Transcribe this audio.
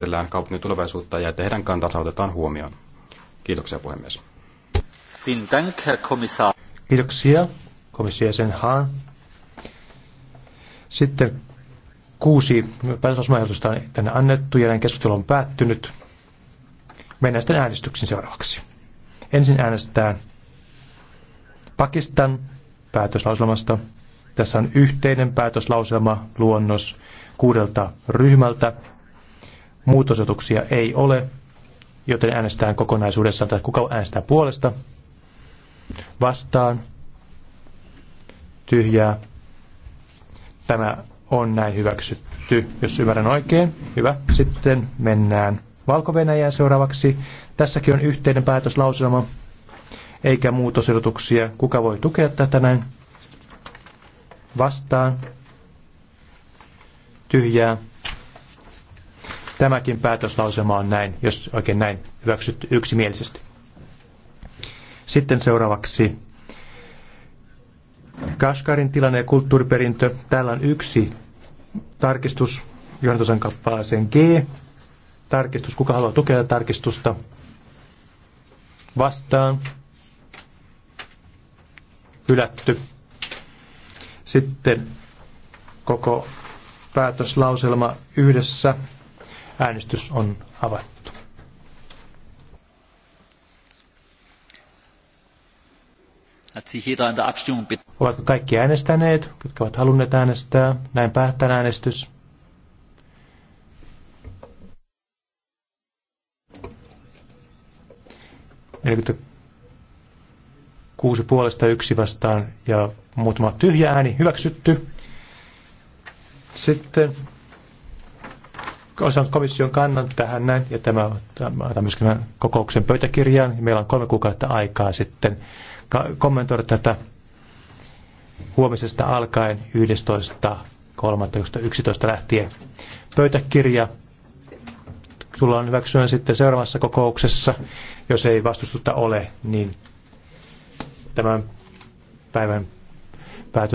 käsitellään kaupungin tulevaisuutta ja että heidän kantansa otetaan huomioon. Kiitoksia puhemies. Kiitoksia komissio sen Haan. Sitten kuusi päätösosmaehdotusta on tänne annettu ja näin keskustelu on päättynyt. Mennään sitten äänestyksiin seuraavaksi. Ensin äänestetään Pakistan päätöslauselmasta. Tässä on yhteinen päätöslauselma luonnos kuudelta ryhmältä. Muutosotuksia ei ole, joten äänestään kokonaisuudessaan, tai kuka äänestää puolesta, vastaan, tyhjää. Tämä on näin hyväksytty, jos ymmärrän oikein. Hyvä. Sitten mennään valko seuraavaksi. Tässäkin on yhteinen päätöslauselma, eikä muutosotuksia. Kuka voi tukea tätä näin? Vastaan. Tyhjää. Tämäkin päätöslausema on näin, jos oikein näin hyväksytty yksimielisesti. Sitten seuraavaksi Kaskarin tilanne ja kulttuuriperintö. Täällä on yksi tarkistus johdantosan kappaleeseen G. Tarkistus. Kuka haluaa tukea tarkistusta? Vastaan. Hylätty. Sitten koko päätöslauselma yhdessä Äänestys on avattu. Ovatko kaikki äänestäneet, jotka ovat halunneet äänestää? Näin päättää äänestys. kuusi puolesta yksi vastaan ja muutama tyhjä ääni hyväksytty. Sitten osan komission kannan tähän näin, ja tämä tämä myöskin kokouksen pöytäkirjaan. Meillä on kolme kuukautta aikaa sitten kommentoida tätä huomisesta alkaen 11.3.11 lähtien. Pöytäkirja tullaan hyväksymään sitten seuraavassa kokouksessa, jos ei vastustusta ole, niin tämän päivän päätös